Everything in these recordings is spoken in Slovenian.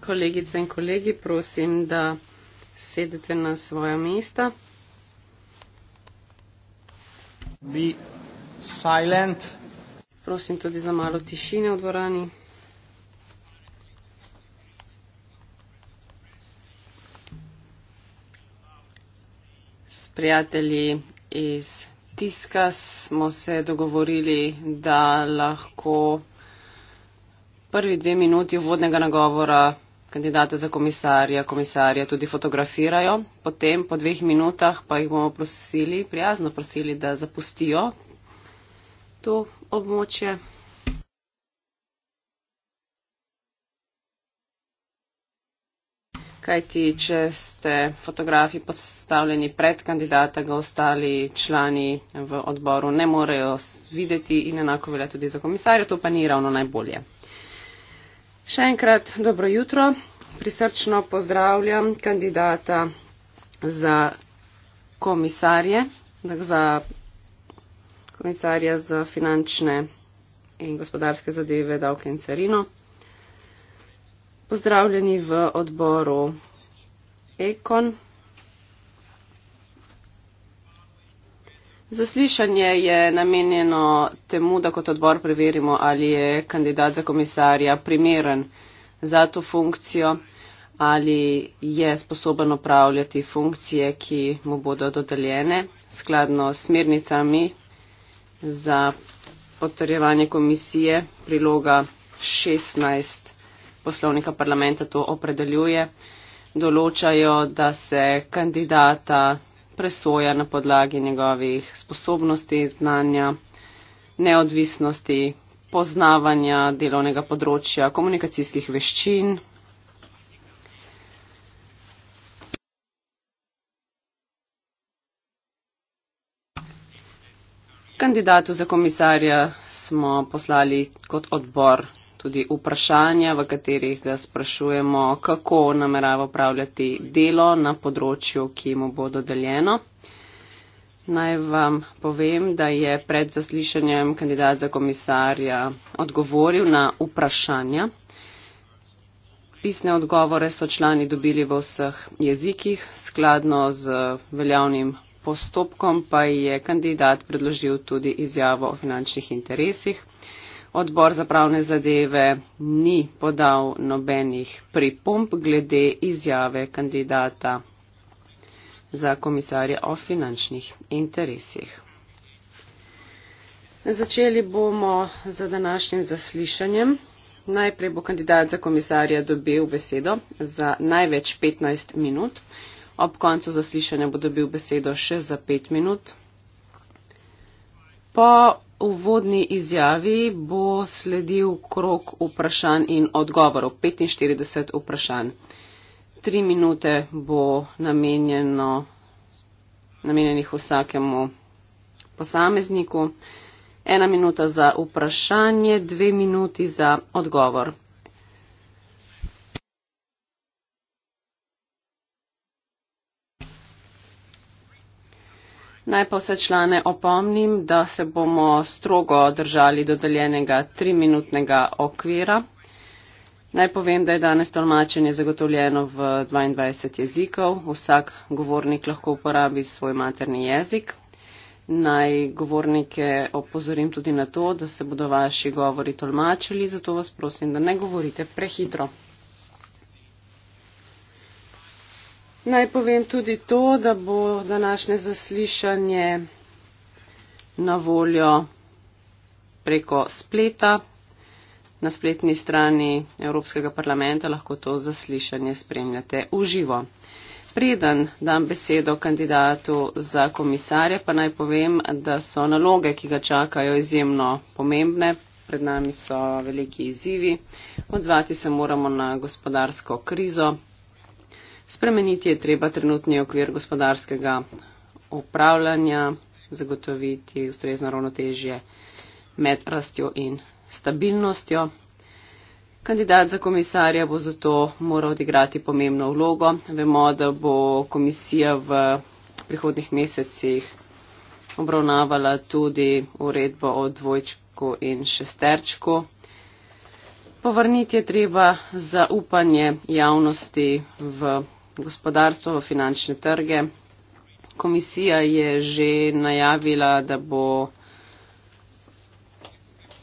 Kolegice in kolegi, prosim, da sedete na svoja mesta. Be silent. Prosim tudi za malo tišine v dvorani. S prijatelji iz tiska smo se dogovorili, da lahko prvi dve minuti vodnega nagovora kandidate za komisarja, komisarja tudi fotografirajo, potem po dveh minutah pa jih bomo prosili, prijazno prosili, da zapustijo to območje. Kaj ti, če ste fotografi postavljeni pred kandidata, ga ostali člani v odboru ne morejo videti in enako velja tudi za komisarja, to pa ni ravno najbolje. Še enkrat dobro jutro. Prisrčno pozdravljam kandidata za komisarje, za komisarja za finančne in gospodarske zadeve, davke in carino. Pozdravljeni v odboru Ekon. Zaslišanje je namenjeno temu, da kot odbor preverimo, ali je kandidat za komisarja primeren za to funkcijo, ali je sposoben upravljati funkcije, ki mu bodo dodeljene skladno s smernicami za potrjevanje komisije. Priloga 16 poslovnika parlamenta to opredeljuje. Določajo, da se kandidata presoja na podlagi njegovih sposobnosti, znanja, neodvisnosti, poznavanja delovnega področja, komunikacijskih veščin. Kandidatu za komisarja smo poslali kot odbor tudi vprašanja, v katerih ga sprašujemo, kako namerava upravljati delo na področju, ki mu bo dodeljeno. Naj vam povem, da je pred zaslišanjem kandidat za komisarja odgovoril na vprašanja. Pisne odgovore so člani dobili v vseh jezikih, skladno z veljavnim postopkom pa je kandidat predložil tudi izjavo o finančnih interesih odbor za pravne zadeve ni podal nobenih pripomp glede izjave kandidata za komisarja o finančnih interesih. Začeli bomo z današnjim zaslišanjem. Najprej bo kandidat za komisarja dobil besedo za največ 15 minut. Ob koncu zaslišanja bo dobil besedo še za 5 minut. Po uvodni izjavi bo sledil krok vprašanj in odgovorov. 45 vprašanj. Tri minute bo namenjeno, namenjenih vsakemu posamezniku. Ena minuta za vprašanje, dve minuti za odgovor. Naj pa vse člane opomnim, da se bomo strogo držali dodeljenega triminutnega okvira. Naj povem, da je danes tolmačenje zagotovljeno v 22 jezikov. Vsak govornik lahko uporabi svoj materni jezik. Naj govornike opozorim tudi na to, da se bodo vaši govori tolmačili, zato vas prosim, da ne govorite prehitro. Naj povem tudi to, da bo današnje zaslišanje na voljo preko spleta. Na spletni strani Evropskega parlamenta lahko to zaslišanje spremljate v živo. Preden dam besedo kandidatu za komisarja, pa naj povem, da so naloge, ki ga čakajo, izjemno pomembne. Pred nami so veliki izzivi. Odzvati se moramo na gospodarsko krizo, Spremeniti je treba trenutni okvir gospodarskega upravljanja, zagotoviti ustrezno ravnotežje med rastjo in stabilnostjo. Kandidat za komisarja bo zato moral odigrati pomembno vlogo. Vemo, da bo komisija v prihodnih mesecih obravnavala tudi uredbo o dvojčku in šesterčku. Povrniti je treba zaupanje javnosti v gospodarstvo, v finančne trge. Komisija je že najavila, da bo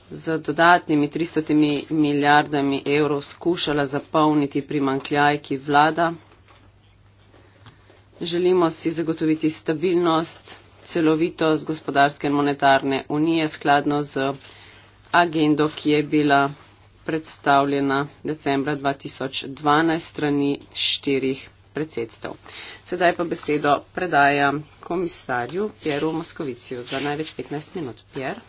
z dodatnimi 300 milijardami evrov skušala zapolniti primankljaj, ki vlada. Želimo si zagotoviti stabilnost, celovitost gospodarske in monetarne unije skladno z agendo, ki je bila predstavljena decembra 2012 strani štirih predsedstev. Sedaj pa besedo predajam komisarju Pjeru Moskoviciju za največ 15 minut. Pjer?